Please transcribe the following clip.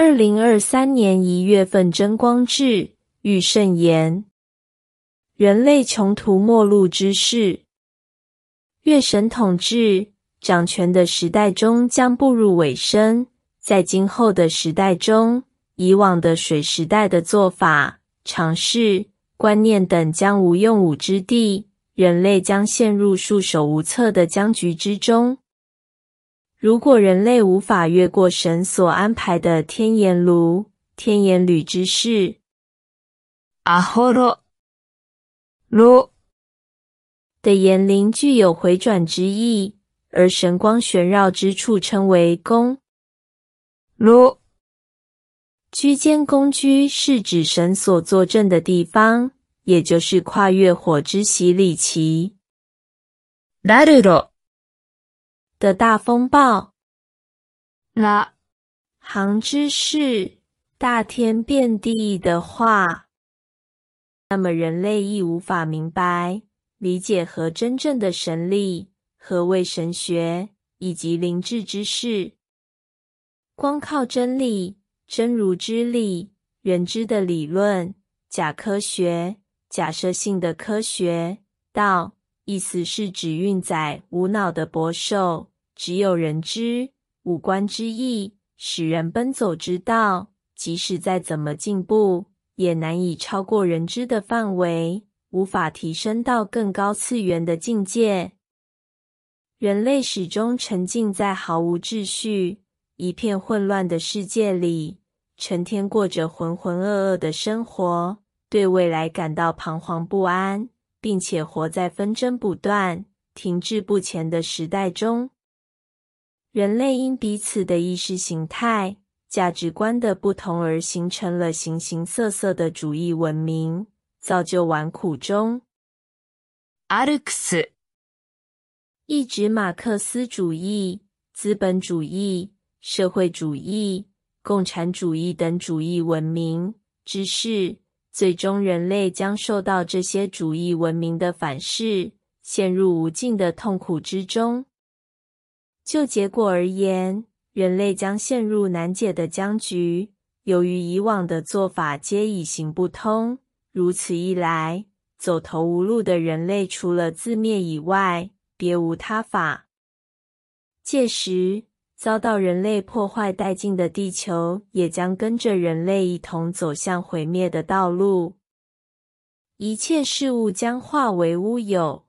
二零二三年一月份，真光誌：御聖言，人類窮途末路之世。月神統治掌權的時代終將步入尾聲，在今後的時代中，以往的水時代的做法、嘗試、觀念等將無用武之地，人類將陷入束手無策的僵局之中。如果人類無法越過神所安排的天岩爐、天岩呂之事，阿哈羅爐的言靈具有迴轉之意，而神光旋繞之處稱為宮。爐居間宮居是指神所坐鎮的地方，也就是跨越火之洗禮期。拉羅。的大風暴，那行之事，大天變地的話，那麼人類亦無法明白、理解和真正的神力何謂神學以及靈智之事。光靠真理、真如之理、人知的理論、假科學、假設性的科學道。到意思是，指運載無腦的博獸，只有人知五官之意，使人奔走之道。即使再怎麼進步，也難以超過人知的範圍，無法提升到更高次元的境界。人類始終沉浸在毫無秩序、一片混亂的世界裡，成天過着渾渾噩噩的生活，對未來感到彷徨不安。並且活在紛爭不斷、停滯不前的時代中，人類因彼此的意識形態、價值觀的不同而形成了形形色色的主義文明，造就玩苦中。阿魯克斯，一直馬克思主義、資本主義、社會主義、共產主義等主義文明，知識。最終，人類將受到這些主義文明的反噬，陷入無盡的痛苦之中。就結果而言，人類將陷入難解的僵局，由於以往的做法皆已行不通，如此一來，走投無路的人類除了自滅以外，別無他法。屆時，遭到人類破壞殆盡的地球，也將跟着人類一同走向毀滅的道路。一切事物將化為烏有。